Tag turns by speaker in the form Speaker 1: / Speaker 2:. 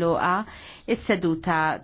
Speaker 1: l-luqa is-seduta